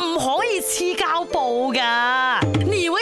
唔可以黐膠布㗎。